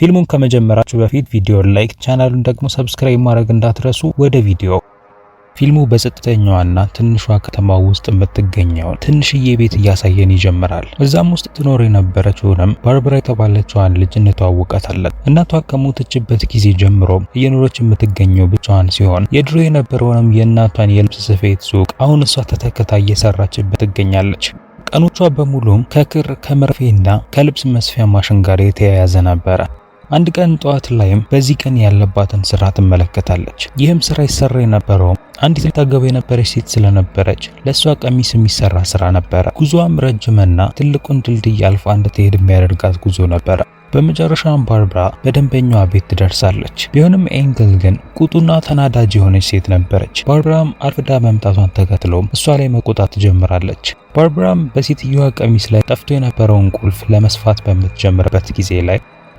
ፊልሙን ከመጀመራችሁ በፊት ቪዲዮን ላይክ፣ ቻናሉን ደግሞ ሰብስክራይብ ማድረግ እንዳትረሱ። ወደ ቪዲዮ ፊልሙ በጸጥተኛዋና ትንሿ ከተማ ውስጥ የምትገኘውን ትንሽዬ ቤት እያሳየን ይጀምራል። እዛም ውስጥ ትኖር የነበረችውንም ባርበራ የተባለችዋን ልጅ እንተዋወቃታለን። እናቷ ከሞተችበት ጊዜ ጀምሮ እየኖረች የምትገኘው ብቻዋን ሲሆን የድሮ የነበረውንም የእናቷን የልብስ ስፌት ሱቅ አሁን እሷ ተተክታ እየሰራችበት ትገኛለች። ቀኖቿ በሙሉም ከክር ከመርፌና ከልብስ መስፊያ ማሽን ጋር የተያያዘ ነበረ። አንድ ቀን ጠዋት ላይም በዚህ ቀን ያለባትን ስራ ትመለከታለች። ይህም ስራ ይሰራ የነበረውም አንዲት ታገባ የነበረች ሴት ስለነበረች ለእሷ ቀሚስ የሚሰራ ስራ ነበረ። ጉዞዋም ረጅምና ትልቁን ድልድይ አልፋ እንድትሄድ የሚያደርጋት ጉዞ ነበረ። በመጨረሻም ባርብራ በደንበኛዋ ቤት ትደርሳለች። ቢሆንም ኤንግል ግን ቁጡና ተናዳጅ የሆነች ሴት ነበረች። ባርብራም አርፍዳ መምጣቷን ተከትሎም እሷ ላይ መቆጣት ትጀምራለች። ባርብራም በሴትዮዋ ቀሚስ ላይ ጠፍቶ የነበረውን ቁልፍ ለመስፋት በምትጀምርበት ጊዜ ላይ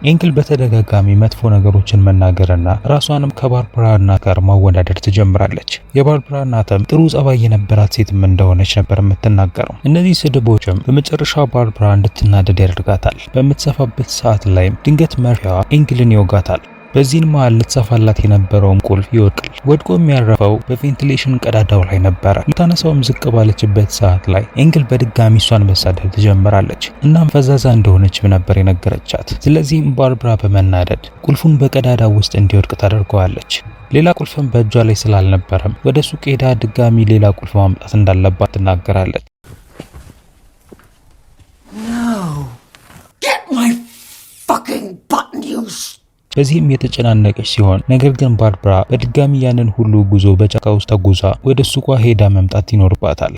ኤንግል በተደጋጋሚ መጥፎ ነገሮችን መናገርና ራሷንም ከባርብራ እናት ጋር ማወዳደር ትጀምራለች። የባርብራ እናትም ጥሩ ጸባይ የነበራት ሴትም እንደሆነች ነበር የምትናገረው። እነዚህ ስድቦችም በመጨረሻ ባርብራ እንድትናደድ ያደርጋታል። በምትሰፋበት ሰዓት ላይም ድንገት መርፊያዋ ኤንግልን ይወጋታል። በዚህን መሃል ልትሰፋላት የነበረውን ቁልፍ ይወድቃል። ወድቆ የሚያረፈው በቬንቲሌሽን ቀዳዳው ላይ ነበረ። ልታነሳውም ዝቅ ባለችበት ሰዓት ላይ ኤንግል በድጋሚ እሷን መሳደብ ትጀምራለች። እናም ፈዛዛ እንደሆነችም ነበር የነገረቻት። ስለዚህም ባርብራ በመናደድ ቁልፉን በቀዳዳው ውስጥ እንዲወድቅ ታደርገዋለች። ሌላ ቁልፍም በእጇ ላይ ስላልነበረም ወደ ሱቅ ሄዳ ድጋሚ ሌላ ቁልፍ ማምጣት እንዳለባት ትናገራለች። Get my fucking button, you በዚህም የተጨናነቀች ሲሆን ነገር ግን ባርብራ በድጋሚ ያንን ሁሉ ጉዞ በጫካ ውስጥ ተጉዛ ወደ ሱቋ ሄዳ መምጣት ይኖርባታል።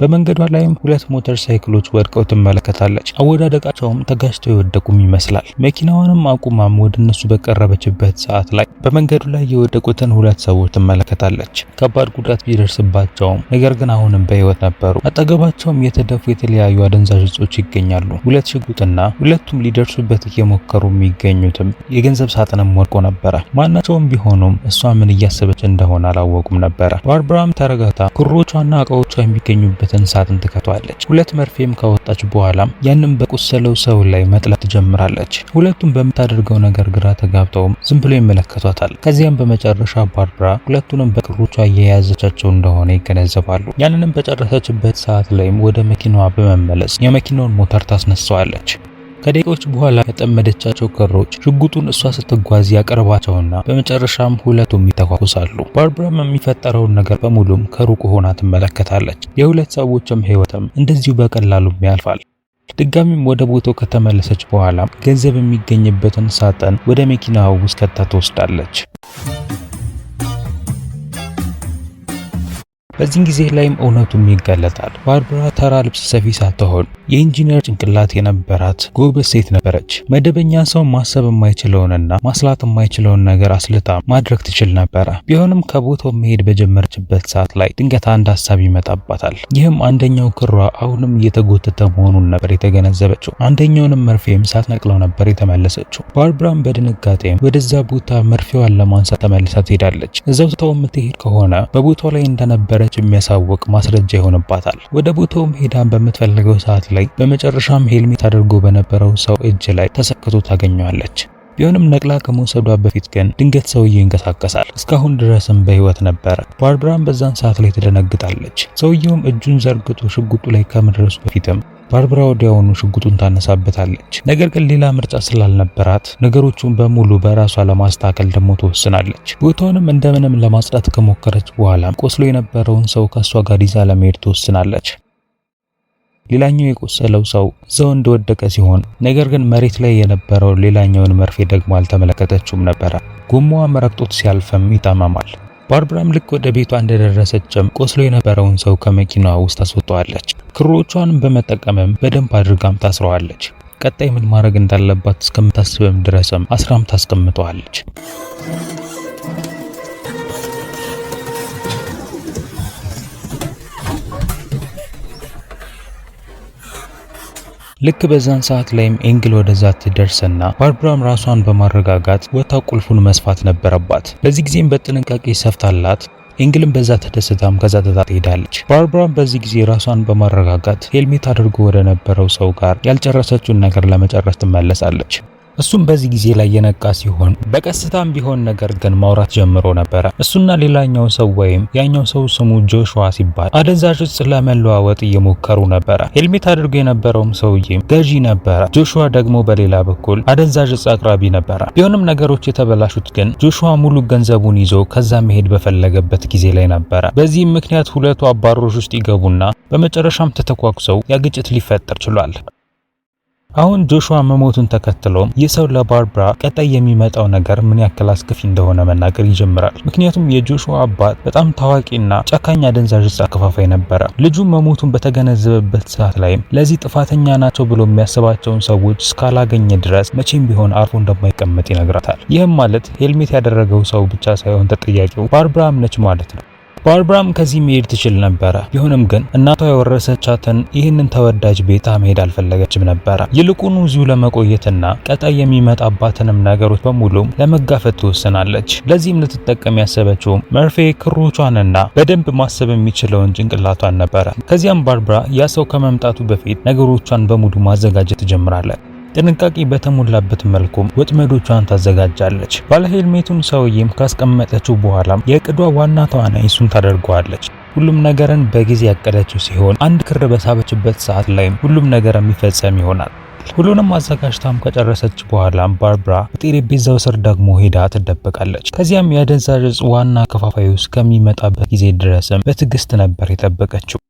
በመንገዷ ላይም ሁለት ሞተር ሳይክሎች ወድቀው ትመለከታለች። አወዳደቃቸውም ተጋጭተው የወደቁም ይመስላል። መኪናዋንም አቁማም ወደ እነሱ በቀረበችበት ሰዓት ላይ በመንገዱ ላይ የወደቁትን ሁለት ሰዎች ትመለከታለች። ከባድ ጉዳት ቢደርስባቸውም ነገር ግን አሁንም በህይወት ነበሩ። አጠገባቸውም የተደፉ የተለያዩ አደንዛዥ እጾች ይገኛሉ። ሁለት ሽጉጥና ሁለቱም ሊደርሱበት እየሞከሩ የሚገኙትም የገንዘብ ሳጥንም ወድቆ ነበረ። ማናቸውም ቢሆኑም እሷ ምን እያሰበች እንደሆነ አላወቁም ነበረ። ባርብራም ተረጋግታ ክሮቿና እቃዎቿ የሚገኙበት ያለበትን ሳጥን ትከቷለች። ሁለት መርፌም ከወጣች በኋላም ያንን በቆሰለው ሰው ላይ መጥላት ትጀምራለች። ሁለቱም በምታደርገው ነገር ግራ ተጋብተውም ዝም ብሎ ይመለከቷታል። ከዚያም በመጨረሻ ባርብራ ሁለቱንም በቅሮቿ እየያዘቻቸው እንደሆነ ይገነዘባሉ። ያንንም በጨረሰችበት ሰዓት ላይም ወደ መኪናዋ በመመለስ የመኪናውን ሞተር ታስነሳዋለች። ከደቂቃዎች በኋላ ያጠመደቻቸው ክሮች ሽጉጡን እሷ ስትጓዝ ያቀርባቸውና በመጨረሻም ሁለቱም ይተኳኩሳሉ። ባርብራም የሚፈጠረውን ነገር በሙሉም ከሩቅ ሆና ትመለከታለች። የሁለት ሰዎችም ህይወትም እንደዚሁ በቀላሉም ያልፋል። ድጋሚም ወደ ቦታው ከተመለሰች በኋላ ገንዘብ የሚገኝበትን ሳጥን ወደ መኪናው ውስጥ ከታ ትወስዳለች። በዚህን ጊዜ ላይም እውነቱም ይጋለጣል። ባርባራ ተራ ልብስ ሰፊ ሳትሆን የኢንጂነር ጭንቅላት የነበራት ጎበዝ ሴት ነበረች። መደበኛ ሰው ማሰብ የማይችለውንና ማስላት የማይችለውን ነገር አስልታ ማድረግ ትችል ነበረ። ቢሆንም ከቦታው መሄድ በጀመረችበት ሰዓት ላይ ድንገት አንድ ሀሳብ ይመጣባታል። ይህም አንደኛው ክሯ አሁንም እየተጎተተ መሆኑን ነበር የተገነዘበችው። አንደኛውንም መርፌም ሳትነቅለው ነበር የተመለሰችው። ባርብራም በድንጋጤም ወደዛ ቦታ መርፌዋን ለማንሳት ተመልሳ ትሄዳለች። እዛው ትታው የምትሄድ ከሆነ በቦታው ላይ እንደነበረ እንደመረጠች የሚያሳውቅ ማስረጃ ይሆንባታል። ወደ ቦታውም ሄዳን በምትፈልገው ሰዓት ላይ በመጨረሻም ሄልሜት አድርጎ በነበረው ሰው እጅ ላይ ተሰክቶ ታገኘዋለች። ቢሆንም ነቅላ ከመውሰዷ በፊት ግን ድንገት ሰውዬ ይንቀሳቀሳል። እስካሁን ድረስም በህይወት ነበረ። ባርብራም በዛን ሰዓት ላይ ትደነግጣለች። ሰውየውም እጁን ዘርግቶ ሽጉጡ ላይ ከመድረሱ በፊትም ባርብራ ወዲያውኑ ሽጉጡን ታነሳበታለች። ነገር ግን ሌላ ምርጫ ስላልነበራት ነገሮቹን በሙሉ በራሷ ለማስተካከል ደግሞ ትወስናለች። ቦታውንም እንደምንም ለማጽዳት ከሞከረች በኋላ ቆስሎ የነበረውን ሰው ከእሷ ጋር ይዛ ለመሄድ ትወስናለች። ሌላኛው የቆሰለው ሰው እዛው እንደወደቀ ሲሆን ነገር ግን መሬት ላይ የነበረው ሌላኛውን መርፌ ደግሞ አልተመለከተችውም ነበረ። ጎማዋ መረቅጦት ሲያልፍም ይጠመማል። ባርብራም ልክ ወደ ቤቷ እንደደረሰችም ቆስሎ የነበረውን ሰው ከመኪናዋ ውስጥ አስወጣዋለች። ክሮቿንም በመጠቀምም በደንብ አድርጋም ታስረዋለች። ቀጣይ ምን ማድረግ እንዳለባት እስከምታስብም ድረስም አስራም ታስቀምጠዋለች። ልክ በዛን ሰዓት ላይም ኤንግል ወደዛ ትደርስና ባርብራም ራሷን በማረጋጋት ወታ ቁልፉን መስፋት ነበረባት። በዚህ ጊዜም በጥንቃቄ ሰፍታላት ኤንግልም በዛ ተደስታም ከዛ ተታ ትሄዳለች። ባርብራም በዚህ ጊዜ ራሷን በማረጋጋት ሄልሜት አድርጎ ወደ ነበረው ሰው ጋር ያልጨረሰችውን ነገር ለመጨረስ ትመለሳለች። እሱም በዚህ ጊዜ ላይ የነቃ ሲሆን በቀስታም ቢሆን ነገር ግን ማውራት ጀምሮ ነበረ። እሱና ሌላኛው ሰው ወይም ያኛው ሰው ስሙ ጆሹዋ ሲባል አደንዛዥ እጽ ለመለዋወጥ እየሞከሩ ነበረ። ሄልሜት አድርጎ የነበረውም ሰውዬም ገዢ ነበረ። ጆሹዋ ደግሞ በሌላ በኩል አደንዛዥ እጽ አቅራቢ ነበረ። ቢሆንም ነገሮች የተበላሹት ግን ጆሹዋ ሙሉ ገንዘቡን ይዞ ከዛ መሄድ በፈለገበት ጊዜ ላይ ነበረ። በዚህም ምክንያት ሁለቱ አባሮች ውስጥ ይገቡና በመጨረሻም ተተኳኩሰው ያ ግጭት ሊፈጠር ችሏል። አሁን ጆሹዋ መሞቱን ተከትሎም ይህ ሰው ለባርብራ ቀጣይ የሚመጣው ነገር ምን ያክል አስከፊ እንደሆነ መናገር ይጀምራል። ምክንያቱም የጆሹዋ አባት በጣም ታዋቂና ጨካኝ አደንዛዥ ዕፅ አከፋፋይ ነበረ። ልጁ መሞቱን በተገነዘበበት ሰዓት ላይም ለዚህ ጥፋተኛ ናቸው ብሎ የሚያስባቸውን ሰዎች እስካላገኘ ድረስ መቼም ቢሆን አርፎ እንደማይቀመጥ ይነግራታል። ይህም ማለት ሄልሜት ያደረገው ሰው ብቻ ሳይሆን ተጠያቂው ባርብራም ነች ማለት ነው። ባርብራም ከዚህ መሄድ ትችል ነበረ። ይሁንም ግን እናቷ የወረሰቻትን ይህንን ተወዳጅ ቤታ መሄድ አልፈለገችም ነበረ። ይልቁኑ እዚሁ ለመቆየትና ቀጣይ የሚመጣባትንም ነገሮች በሙሉ ለመጋፈት ትወስናለች። ለዚህም ልትጠቀም ያሰበችው መርፌ ክሮቿንና በደንብ ማሰብ የሚችለውን ጭንቅላቷን ነበረ። ከዚያም ባርብራ ያ ሰው ከመምጣቱ በፊት ነገሮቿን በሙሉ ማዘጋጀት ትጀምራለች። ጥንቃቄ በተሞላበት መልኩም ወጥመዶቿን ታዘጋጃለች። ባለሄልሜቱን ሰውዬም ካስቀመጠችው በኋላም የእቅዷ ዋና ተዋናይ እሱን ታደርገዋለች። ሁሉም ነገርን በጊዜ ያቀደችው ሲሆን አንድ ክር በሳበችበት ሰዓት ላይ ሁሉም ነገር የሚፈጸም ይሆናል። ሁሉንም አዘጋጅታም ከጨረሰች በኋላ ባርብራ በጠረጴዛው ስር ደግሞ ሄዳ ትደበቃለች። ከዚያም የአደንዛዥ ዋና ከፋፋዩ እስከሚመጣበት ጊዜ ድረስም በትዕግስት ነበር የጠበቀችው።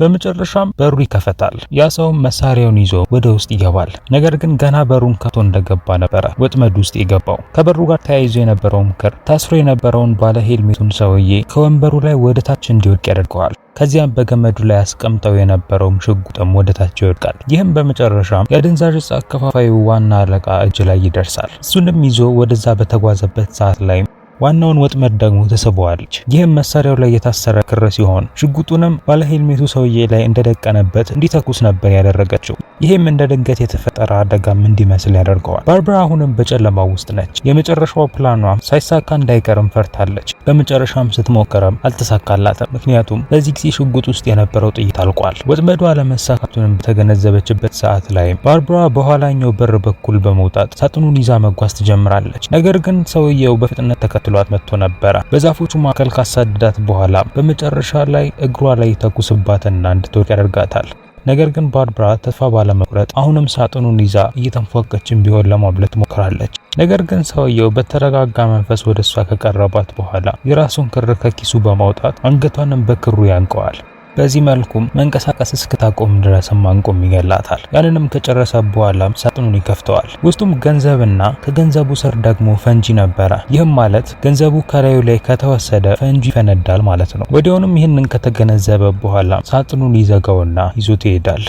በመጨረሻም በሩ ይከፈታል። ያ ሰውም መሳሪያውን ይዞ ወደ ውስጥ ይገባል። ነገር ግን ገና በሩን ከፍቶ እንደገባ ነበረ ወጥመድ ውስጥ የገባው። ከበሩ ጋር ተያይዞ የነበረው ክር ታስሮ የነበረውን ባለ ሄልሜቱን ሰውዬ ከወንበሩ ላይ ወደ ታች እንዲወድቅ ያደርገዋል። ከዚያም በገመዱ ላይ አስቀምጠው የነበረውም ሽጉጥም ወደ ታች ይወድቃል። ይህም በመጨረሻም የአደንዛዥ ዕፅ አከፋፋዩ ዋና አለቃ እጅ ላይ ይደርሳል። እሱንም ይዞ ወደዛ በተጓዘበት ሰዓት ላይ ዋናውን ወጥመድ ደግሞ ትስበዋለች። ይህም መሳሪያው ላይ የታሰረ ክር ሲሆን ሽጉጡንም ባለሄልሜቱ ሰውዬ ላይ እንደደቀነበት እንዲተኩስ ነበር ያደረገችው። ይህም እንደ ድንገት የተፈጠረ አደጋም እንዲመስል ያደርገዋል። ባርብራ አሁንም በጨለማው ውስጥ ነች። የመጨረሻው ፕላኗ ሳይሳካ እንዳይቀርም ፈርታለች። በመጨረሻም ስትሞከረም አልተሳካላትም። ምክንያቱም በዚህ ጊዜ ሽጉጥ ውስጥ የነበረው ጥይት አልቋል። ወጥመዷ አለመሳካቱንም በተገነዘበችበት ሰዓት ላይ ባርብራ በኋላኛው በር በኩል በመውጣት ሳጥኑን ይዛ መጓዝ ትጀምራለች። ነገር ግን ሰውየው በፍጥነት ተከትሎ ተከትሏት መጥቶ ነበረ። በዛፎቹ መካከል ካሳደዳት በኋላ በመጨረሻ ላይ እግሯ ላይ ተኩስባትና እንድትወድቅ ያደርጋታል። ነገር ግን ባርብራ ተስፋ ባለመቁረጥ አሁንም ሳጥኑን ይዛ እየተንፏቀችን ቢሆን ለማምለጥ ትሞክራለች። ነገር ግን ሰውየው በተረጋጋ መንፈስ ወደ እሷ ከቀረባት በኋላ የራሱን ክር ከኪሱ በማውጣት አንገቷንም በክሩ ያንቀዋል። በዚህ መልኩም መንቀሳቀስ እስክታቆም ድረስም ማንቆም ይገላታል። ያንንም ከጨረሰ በኋላም ሳጥኑን ይከፍተዋል። ውስጡም ገንዘብና ከገንዘቡ ስር ደግሞ ፈንጂ ነበረ። ይህም ማለት ገንዘቡ ከላዩ ላይ ከተወሰደ ፈንጂ ይፈነዳል ማለት ነው። ወዲያውንም ይህንን ከተገነዘበ በኋላ ሳጥኑን ይዘጋውና ይዞት ይሄዳል።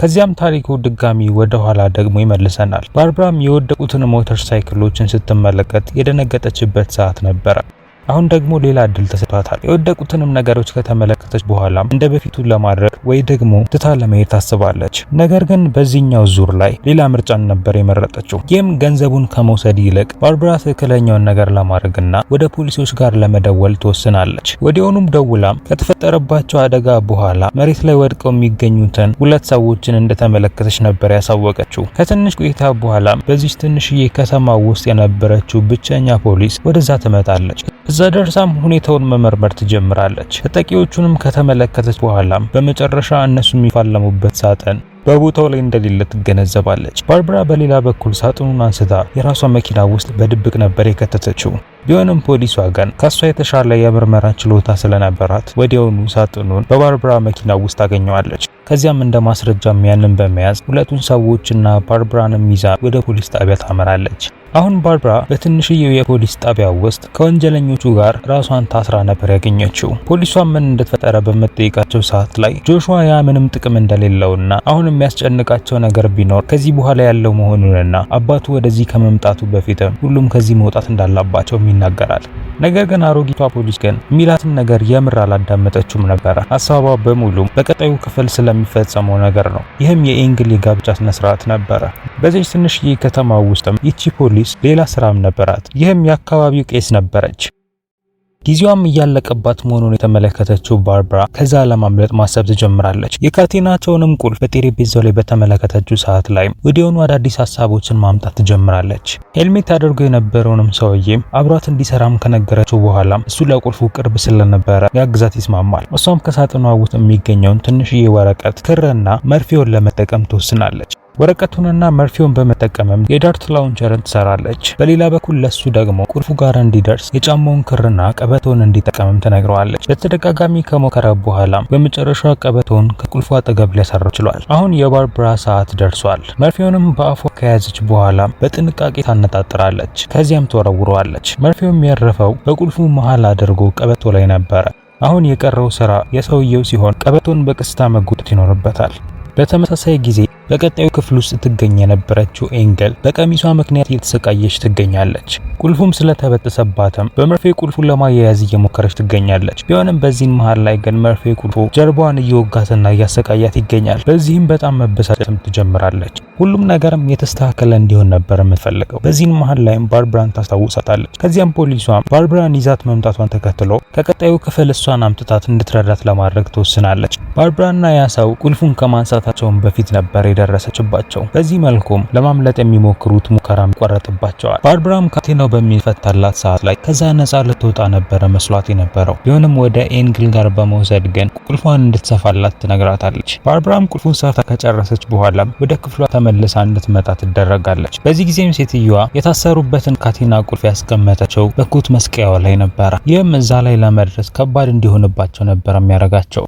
ከዚያም ታሪኩ ድጋሚ ወደ ኋላ ደግሞ ይመልሰናል። ባርብራም የወደቁትን ሞተር ሳይክሎችን ስትመለከት የደነገጠችበት ሰዓት ነበረ። አሁን ደግሞ ሌላ እድል ተሰጥቷታል። የወደቁትንም ነገሮች ከተመለከተች በኋላም እንደ በፊቱ ለማድረግ ወይ ደግሞ ትታ ለመሄድ ታስባለች። ነገር ግን በዚህኛው ዙር ላይ ሌላ ምርጫን ነበር የመረጠችው። ይህም ገንዘቡን ከመውሰድ ይልቅ ባርብራ ትክክለኛውን ነገር ለማድረግና ወደ ፖሊሶች ጋር ለመደወል ትወስናለች። ወዲያውኑም ደውላም ከተፈጠረባቸው አደጋ በኋላ መሬት ላይ ወድቀው የሚገኙትን ሁለት ሰዎችን እንደተመለከተች ነበር ያሳወቀችው። ከትንሽ ቆይታ በኋላም በዚች ትንሽዬ ከተማ ውስጥ የነበረችው ብቸኛ ፖሊስ ወደዛ ትመጣለች። እዛ ደርሳም ሁኔታውን መመርመር ትጀምራለች። ተጠቂዎቹንም ከተመለከተች በኋላም በመጨረሻ እነሱ የሚፋለሙበት ሳጥን በቦታው ላይ እንደሌለ ትገነዘባለች። ባርብራ በሌላ በኩል ሳጥኑን አንስታ የራሷ መኪና ውስጥ በድብቅ ነበር የከተተችው። ቢሆንም ፖሊሷ ግን ከሷ የተሻለ የምርመራ ችሎታ ስለነበራት ወዲያውኑ ሳጥኑን በባርብራ መኪና ውስጥ ታገኘዋለች። ከዚያም እንደ ማስረጃም ያንን በመያዝ ሁለቱን ሰዎችና ባርብራንም ይዛ ወደ ፖሊስ ጣቢያ ታመራለች። አሁን ባርብራ በትንሽየው የፖሊስ ጣቢያ ውስጥ ከወንጀለኞቹ ጋር ራሷን ታስራ ነበር ያገኘችው። ፖሊሷ ምን እንደተፈጠረ በመጠየቃቸው ሰዓት ላይ ጆሹዋ ያ ምንም ጥቅም እንደሌለውና አሁን የሚያስጨንቃቸው ነገር ቢኖር ከዚህ በኋላ ያለው መሆኑንና አባቱ ወደዚህ ከመምጣቱ በፊትም ሁሉም ከዚህ መውጣት እንዳለባቸውም ይናገራል። ነገር ግን አሮጊቷ ፖሊስ ግን ሚላትን ነገር የምር አላዳመጠችውም ነበረ። ሀሳቧ በሙሉ በቀጣዩ ክፍል ስለሚፈጸመው ነገር ነው። ይህም የኤንግል የጋብቻ ስነስርዓት ነበረ። በዚች ትንሽዬ ከተማ ውስጥም ይቺ ፖሊስ ሌላ ስራም ነበራት። ይህም የአካባቢው ቄስ ነበረች። ጊዜዋም እያለቀባት መሆኑን የተመለከተችው ባርባራ ከዛ ለማምለጥ ማሰብ ትጀምራለች። የካቴናቸውንም ቁልፍ በጠረጴዛው ላይ በተመለከተችው ሰዓት ላይ ወዲያውኑ አዳዲስ ሀሳቦችን ማምጣት ትጀምራለች። ሄልሜት አድርጎ የነበረውንም ሰውዬ አብሯት እንዲሰራም ከነገረችው በኋላ እሱ ለቁልፉ ቅርብ ስለነበረ ያግዛት ይስማማል። እሷም ከሳጥኗ ውስጥ የሚገኘውን ትንሽዬ ወረቀት ክርና መርፌውን ለመጠቀም ትወስናለች። ወረቀቱንና መርፌውን በመጠቀምም የዳርት ላውንቸርን ትሰራለች። በሌላ በኩል ለሱ ደግሞ ቁልፉ ጋር እንዲደርስ የጫማውን ክርና ቀበቶን እንዲጠቀምም ትነግረዋለች። በተደጋጋሚ ከሞከረ በኋላም በመጨረሻ ቀበቶን ከቁልፉ አጠገብ ሊያሰራ ችሏል። አሁን የባርብራ ሰዓት ደርሷል። መርፌውንም በአፏ ከያዘች በኋላ በጥንቃቄ ታነጣጥራለች። ከዚያም ትወረውረዋለች። መርፌውም ያረፈው በቁልፉ መሃል አድርጎ ቀበቶ ላይ ነበረ። አሁን የቀረው ስራ የሰውየው ሲሆን ቀበቶን በቀስታ መጎተት ይኖርበታል። በተመሳሳይ ጊዜ በቀጣዩ ክፍል ውስጥ ትገኝ የነበረችው ኤንገል በቀሚሷ ምክንያት እየተሰቃየች ትገኛለች። ቁልፉም ስለተበጠሰባትም በመርፌ ቁልፉን ለማያያዝ እየሞከረች ትገኛለች። ቢሆንም በዚህን መሀል ላይ ግን መርፌ ቁልፉ ጀርባዋን እየወጋትና እያሰቃያት ይገኛል። በዚህም በጣም መበሳጨትም ትጀምራለች። ሁሉም ነገርም የተስተካከለ እንዲሆን ነበር የምትፈልገው። በዚህን መሀል ላይም ባርብራን ታስታውሳታለች። ከዚያም ፖሊሷም ባርብራን ይዛት መምጣቷን ተከትሎ ከቀጣዩ ክፍል እሷን አምጥታት እንድትረዳት ለማድረግ ትወስናለች። ባርብራና ያ ሰው ቁልፉን ከማንሳታቸውን በፊት ነበር የደረሰችባቸው። በዚህ መልኩም ለማምለጥ የሚሞክሩት ሙከራም ይቆረጥባቸዋል። ባርብራም ካቴናው በሚፈታላት ሰዓት ላይ ከዛ ነፃ ልትወጣ ነበረ መስሏት የነበረው ቢሆንም ወደ ኤንግል ጋር በመውሰድ ግን ቁልፏን እንድትሰፋላት ትነግራታለች። ባርብራም ቁልፉን ሰፍታ ከጨረሰች በኋላ ወደ ክፍሏ ተመልሳ እንድትመጣ ትደረጋለች። በዚህ ጊዜም ሴትዮዋ የታሰሩበትን ካቴና ቁልፍ ያስቀመጠችው በኩት መስቀያዋ ላይ ነበረ። ይህም እዛ ላይ ለመድረስ ከባድ እንዲሆንባቸው ነበር የሚያደርጋቸው።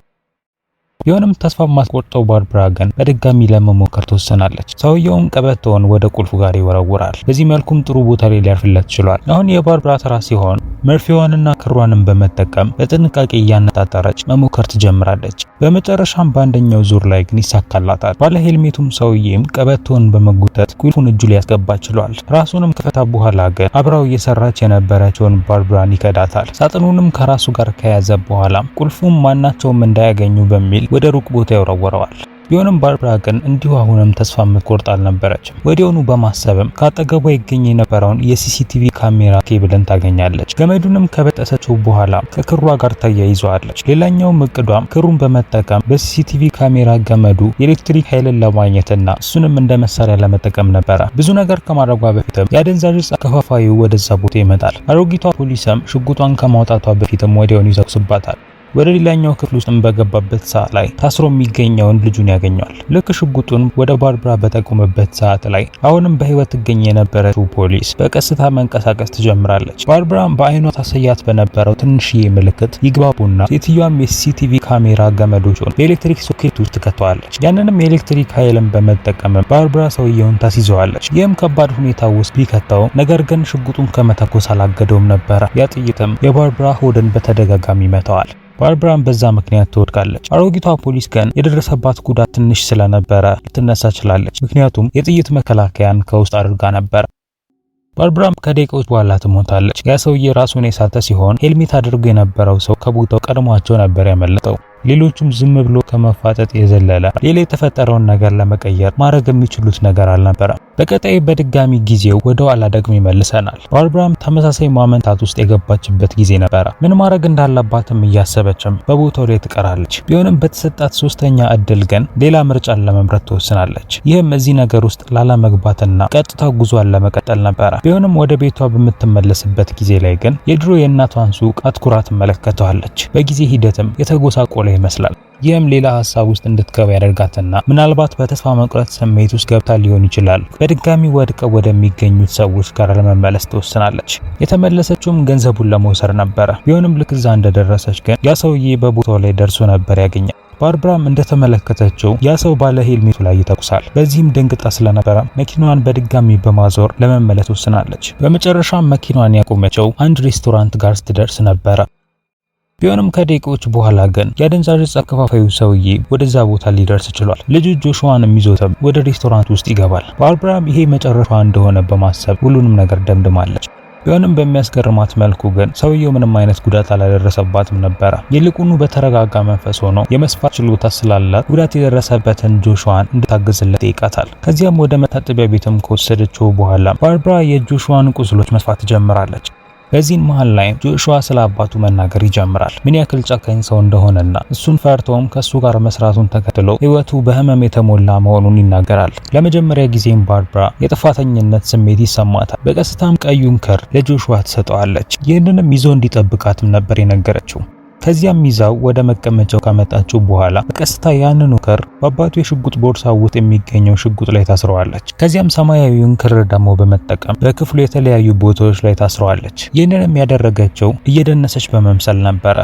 ቢሆንም ተስፋ ማስቆርጠው ባርብራ ግን በድጋሚ ለመሞከር ትወሰናለች። ሰውየውም ቀበቶውን ወደ ቁልፉ ጋር ይወረውራል። በዚህ መልኩም ጥሩ ቦታ ላይ ሊያርፍለት ችሏል። አሁን የባርብራ ተራ ሲሆን መርፌዋንና ክሯንም በመጠቀም በጥንቃቄ እያነጣጠረች መሞከር ትጀምራለች። በመጨረሻም በአንደኛው ዙር ላይ ግን ይሳካላታል። ባለ ሄልሜቱም ሰውዬም ቀበቶውን በመጉተት ቁልፉን እጁ ሊያስገባ ችሏል። ራሱንም ከፈታ በኋላ ግን አብራው እየሰራች የነበረችውን ባርብራን ይከዳታል። ሳጥኑንም ከራሱ ጋር ከያዘ በኋላ ቁልፉም ማናቸውም እንዳያገኙ በሚል ወደ ሩቅ ቦታ ይወረወረዋል። ቢሆንም ባርብራ ግን እንዲሁ አሁንም ተስፋ የምትቆርጥ አልነበረችም። ወዲያውኑ በማሰብም ከአጠገቧ ይገኝ የነበረውን የሲሲቲቪ ካሜራ ኬብልን ታገኛለች። ገመዱንም ከበጠሰችው በኋላ ከክሯ ጋር ተያይዘዋለች። ሌላኛውም እቅዷም ክሩን በመጠቀም በሲሲቲቪ ካሜራ ገመዱ የኤሌክትሪክ ኃይልን ለማግኘትና እሱንም እንደ መሳሪያ ለመጠቀም ነበረ። ብዙ ነገር ከማድረጓ በፊትም የአደንዛዥ ዕፅ አከፋፋዩ ወደዛ ቦታ ይመጣል። አሮጊቷ ፖሊስም ሽጉጧን ከማውጣቷ በፊትም ወዲያውኑ ይተኩስባታል። ወደ ሌላኛው ክፍል ውስጥ በገባበት ሰዓት ላይ ታስሮ የሚገኘውን ልጁን ያገኘዋል። ልክ ሽጉጡን ወደ ባርብራ በጠቆመበት ሰዓት ላይ አሁንም በህይወት ትገኝ የነበረችው ፖሊስ በቀስታ መንቀሳቀስ ትጀምራለች። ባርብራም በአይኗ ታሰያት በነበረው ትንሽዬ ምልክት ይግባቡና ሴትዮዋም የሲቲቪ ካሜራ ገመዶችን በኤሌክትሪክ ሶኬት ውስጥ ከተዋለች። ያንንም የኤሌክትሪክ ኃይልን በመጠቀም ባርብራ ሰውየውን ታስይዘዋለች። ይህም ከባድ ሁኔታ ውስጥ ቢከተውም ነገር ግን ሽጉጡን ከመተኮስ አላገደውም ነበረ። ያ ጥይትም የባርብራ ሆድን በተደጋጋሚ ይመታዋል። ባርብራም በዛ ምክንያት ትወድቃለች። አሮጊቷ ፖሊስ ግን የደረሰባት ጉዳት ትንሽ ስለነበረ ልትነሳ ችላለች፣ ምክንያቱም የጥይት መከላከያን ከውስጥ አድርጋ ነበር። ባርብራም ከደቂቃዎች በኋላ ትሞታለች። ያ ሰውዬ ራሱን የሳተ ሲሆን ሄልሜት አድርጎ የነበረው ሰው ከቦታው ቀድሟቸው ነበር ያመለጠው። ሌሎቹም ዝም ብሎ ከመፋጠጥ የዘለለ ሌላ የተፈጠረውን ነገር ለመቀየር ማድረግ የሚችሉት ነገር አልነበረም። በቀጣይ በድጋሚ ጊዜው ወደ ኋላ ደግሞ ይመልሰናል። ባርብራም ተመሳሳይ ማመንታት ውስጥ የገባችበት ጊዜ ነበረ። ምን ማድረግ እንዳለባትም እያሰበችም በቦታው ላይ ትቀራለች። ቢሆንም በተሰጣት ሶስተኛ እድል ግን ሌላ ምርጫን ለመምረት ትወስናለች። ይህም እዚህ ነገር ውስጥ ላለመግባትና ቀጥታ ጉዟን ለመቀጠል ነበረ። ቢሆንም ወደ ቤቷ በምትመለስበት ጊዜ ላይ ግን የድሮ የእናቷን ሱቅ አትኩራ ትመለከተዋለች። በጊዜ ሂደትም የተጎሳቆለ ይመስላል። ይህም ሌላ ሀሳብ ውስጥ እንድትገባ ያደርጋትና ምናልባት በተስፋ መቁረጥ ስሜት ውስጥ ገብታ ሊሆን ይችላል። በድጋሚ ወድቀው ወደሚገኙት ሰዎች ጋር ለመመለስ ትወስናለች። የተመለሰችውም ገንዘቡን ለመውሰድ ነበረ። ቢሆንም ልክ እዛ እንደደረሰች ግን ያ ሰውዬ በቦታው ላይ ደርሶ ነበር ያገኛል። ባርብራም እንደተመለከተችው ያ ሰው ባለ ሄልሜቱ ላይ ይተኩሳል። በዚህም ደንግጣ ስለነበረ መኪናዋን በድጋሚ በማዞር ለመመለስ ወስናለች። በመጨረሻም መኪናዋን ያቆመችው አንድ ሬስቶራንት ጋር ስትደርስ ነበረ። ቢሆንም ከደቂቃዎች በኋላ ግን የአደንዛዥ ዕፅ አከፋፋዩ ሰውዬ ወደዛ ቦታ ሊደርስ ችሏል። ልጁ ጆሹዋንም ይዞትም ወደ ሬስቶራንት ውስጥ ይገባል። ባርብራም ይሄ መጨረሻ እንደሆነ በማሰብ ሁሉንም ነገር ደምድማለች። ቢሆንም በሚያስገርማት መልኩ ግን ሰውየው ምንም አይነት ጉዳት አላደረሰባትም ነበረ። ይልቁኑ በተረጋጋ መንፈስ ሆኖ የመስፋት ችሎታ ስላላት ጉዳት የደረሰበትን ጆሹዋን እንድታግዝለት ጠይቃታል። ከዚያም ወደ መታጠቢያ ቤትም ከወሰደችው በኋላ ባርብራ የጆሹዋን ቁስሎች መስፋት ትጀምራለች። በዚህን መሃል ላይ ጆሹዋ ስለ አባቱ መናገር ይጀምራል። ምን ያክል ጨካኝ ሰው እንደሆነና እሱን ፈርቶም ከሱ ጋር መስራቱን ተከትሎ ህይወቱ በህመም የተሞላ መሆኑን ይናገራል። ለመጀመሪያ ጊዜም ባርብራ የጥፋተኝነት ስሜት ይሰማታል። በቀስታም ቀዩን ክር ለጆሹዋ ትሰጠዋለች። ይህንንም ይዞ እንዲጠብቃትም ነበር የነገረችው። ከዚያም ይዛው ወደ መቀመጫው ካመጣችው በኋላ በቀስታ ያንኑ ክር በአባቱ የሽጉጥ ቦርሳ ውስጥ የሚገኘው ሽጉጥ ላይ ታስረዋለች። ከዚያም ሰማያዊውን ክር ደግሞ በመጠቀም በክፍሉ የተለያዩ ቦታዎች ላይ ታስረዋለች። ይህንንም ያደረገችው እየደነሰች በመምሰል ነበረ።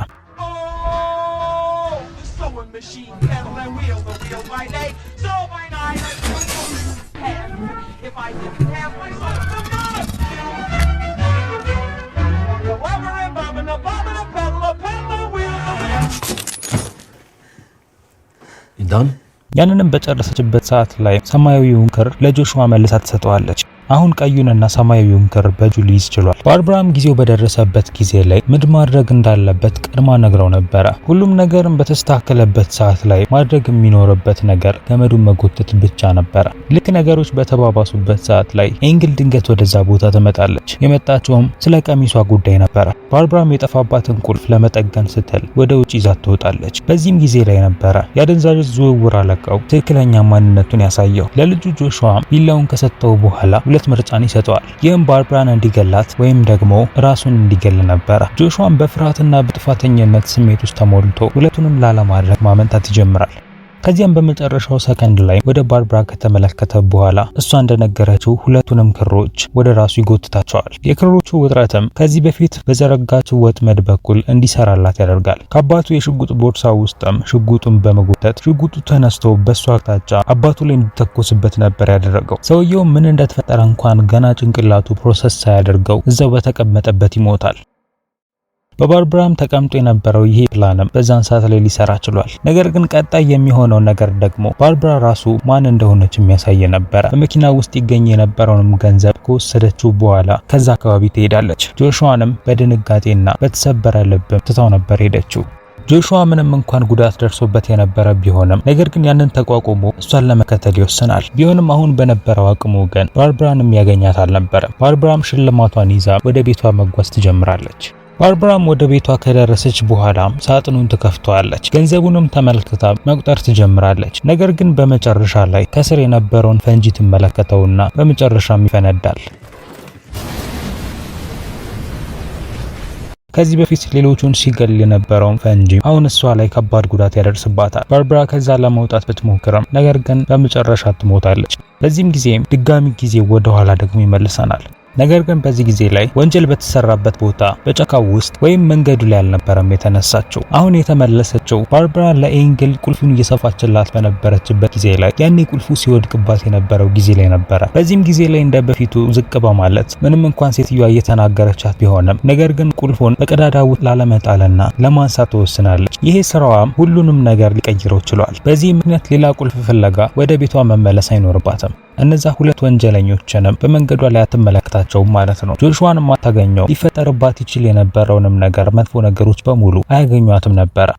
ያንንም በጨረሰችበት ሰዓት ላይ ሰማያዊውን ክር ለጆሹዋ መልሳ ትሰጠዋለች። አሁን ቀዩንና ሰማያዊውን ክር በእጁ ሊይዝ ችሏል። ባርብራም ጊዜው በደረሰበት ጊዜ ላይ ምድ ማድረግ እንዳለበት ቀድማ ነግረው ነበረ። ሁሉም ነገርን በተስተካከለበት ሰዓት ላይ ማድረግ የሚኖርበት ነገር ገመዱን መጎተት ብቻ ነበረ። ልክ ነገሮች በተባባሱበት ሰዓት ላይ ኤንግል ድንገት ወደዛ ቦታ ትመጣለች። የመጣቸውም ስለ ቀሚሷ ጉዳይ ነበረ። ባርብራም የጠፋባትን ቁልፍ ለመጠገን ስትል ወደ ውጭ ይዛት ትወጣለች። በዚህም ጊዜ ላይ ነበረ የአደንዛዥ ዝውውር አለቃው ትክክለኛ ማንነቱን ያሳየው። ለልጁ ጆሹዋም ቢላውን ከሰጠው በኋላ ሁለት ምርጫን ይሰጠዋል። ይህም ባርብራን እንዲገላት ወይም ደግሞ ራሱን እንዲገል ነበረ። ጆሹዋን በፍርሃትና በጥፋተኝነት ስሜት ውስጥ ተሞልቶ ሁለቱንም ላለማድረግ ማመንታት ይጀምራል። ከዚያም በመጨረሻው ሰከንድ ላይ ወደ ባርብራ ከተመለከተ በኋላ እሷ እንደነገረችው ሁለቱንም ክሮች ወደ ራሱ ይጎትታቸዋል። የክሮቹ ውጥረትም ከዚህ በፊት በዘረጋችው ወጥመድ በኩል እንዲሰራላት ያደርጋል። ከአባቱ የሽጉጥ ቦርሳ ውስጥም ሽጉጡን በመጎተት ሽጉጡ ተነስቶ በሷ አቅጣጫ አባቱ ላይ እንዲተኮስበት ነበር ያደረገው። ሰውየው ምን እንደተፈጠረ እንኳን ገና ጭንቅላቱ ፕሮሰስ ሳያደርገው እዛው በተቀመጠበት ይሞታል። በባርብራም ተቀምጦ የነበረው ይሄ ፕላንም በዛን ሰዓት ላይ ሊሰራ ችሏል። ነገር ግን ቀጣይ የሚሆነው ነገር ደግሞ ባርብራ ራሱ ማን እንደሆነች የሚያሳይ ነበረ። በመኪና ውስጥ ይገኝ የነበረውንም ገንዘብ ከወሰደችው በኋላ ከዛ አካባቢ ትሄዳለች። ጆሹዋንም በድንጋጤና በተሰበረ ልብም ትታው ነበር ሄደችው። ጆሹዋ ምንም እንኳን ጉዳት ደርሶበት የነበረ ቢሆንም ነገር ግን ያንን ተቋቁሞ እሷን ለመከተል ይወስናል። ቢሆንም አሁን በነበረው አቅሙ ግን ባርብራንም ያገኛት አልነበረም። ባርብራም ሽልማቷን ይዛ ወደ ቤቷ መጓዝ ትጀምራለች። ባርባራም ወደ ቤቷ ከደረሰች በኋላም ሳጥኑን ትከፍተዋለች። ገንዘቡንም ተመልክታ መቁጠር ትጀምራለች። ነገር ግን በመጨረሻ ላይ ከስር የነበረውን ፈንጂ ትመለከተውና በመጨረሻም ይፈነዳል። ከዚህ በፊት ሌሎቹን ሲገል የነበረውን ፈንጂ አሁን እሷ ላይ ከባድ ጉዳት ያደርስባታል። ባርባራ ከዛ ለመውጣት ብትሞክርም ነገር ግን በመጨረሻ ትሞታለች። በዚህም ጊዜም ድጋሚ ጊዜ ወደኋላ ደግሞ ይመልሰናል። ነገር ግን በዚህ ጊዜ ላይ ወንጀል በተሰራበት ቦታ በጫካው ውስጥ ወይም መንገዱ ላይ አልነበረም የተነሳችው። አሁን የተመለሰችው ባርባራ ለኤንግል ቁልፉን እየሰፋችላት በነበረችበት ጊዜ ላይ ያኔ ቁልፉ ሲወድቅባት የነበረው ጊዜ ላይ ነበረ። በዚህም ጊዜ ላይ እንደ በፊቱ ዝቅ በማለት ምንም እንኳን ሴትዮዋ እየተናገረቻት ቢሆንም ነገር ግን ቁልፉን በቀዳዳው ላለመጣልና ለማንሳት ትወስናለች ይሄ ስራዋም ሁሉንም ነገር ሊቀይረው ችሏል። በዚህ ምክንያት ሌላ ቁልፍ ፍለጋ ወደ ቤቷ መመለስ አይኖርባትም። እነዛ ሁለት ወንጀለኞችንም በመንገዷ ላይ አትመለከታቸውም ማለት ነው። ጆሹዋን አታገኘው። ሊፈጠርባት ይችል የነበረውንም ነገር መጥፎ ነገሮች በሙሉ አያገኟትም ነበረ።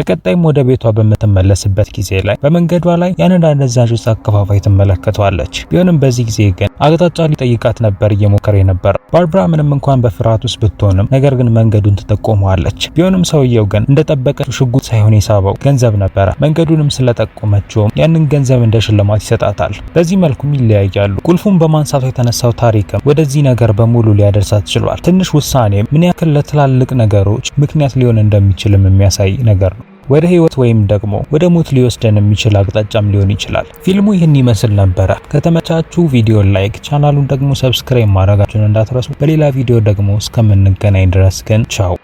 በቀጣይም ወደ ቤቷ በምትመለስበት ጊዜ ላይ በመንገዷ ላይ የነዳጅ አዛዡ አከፋፋይ ትመለከተዋለች። ቢሆንም በዚህ ጊዜ ግን አቅጣጫ ሊጠይቃት ነበር እየሞከረ የነበረው። ባርብራ ምንም እንኳን በፍርሃት ውስጥ ብትሆንም ነገር ግን መንገዱን ትጠቁመዋለች። ቢሆንም ሰውየው ግን እንደጠበቀችው ሽጉጥ ሳይሆን የሳበው ገንዘብ ነበረ። መንገዱንም ስለጠቆመችውም ያንን ገንዘብ እንደ ሽልማት ይሰጣታል። በዚህ መልኩም ይለያያሉ። ቁልፉን በማንሳቱ የተነሳው ታሪክም ወደዚህ ነገር በሙሉ ሊያደርሳት ችሏል። ትንሽ ውሳኔ ምን ያክል ለትላልቅ ነገሮች ምክንያት ሊሆን እንደሚችልም የሚያሳይ ነገር ነው። ወደ ህይወት ወይም ደግሞ ወደ ሞት ሊወስደን የሚችል አቅጣጫም ሊሆን ይችላል። ፊልሙ ይህን ይመስል ነበረ። ከተመቻችሁ ቪዲዮ ላይክ፣ ቻናሉን ደግሞ ሰብስክራይብ ማድረጋችሁን እንዳትረሱ። በሌላ ቪዲዮ ደግሞ እስከምንገናኝ ድረስ ግን ቻው።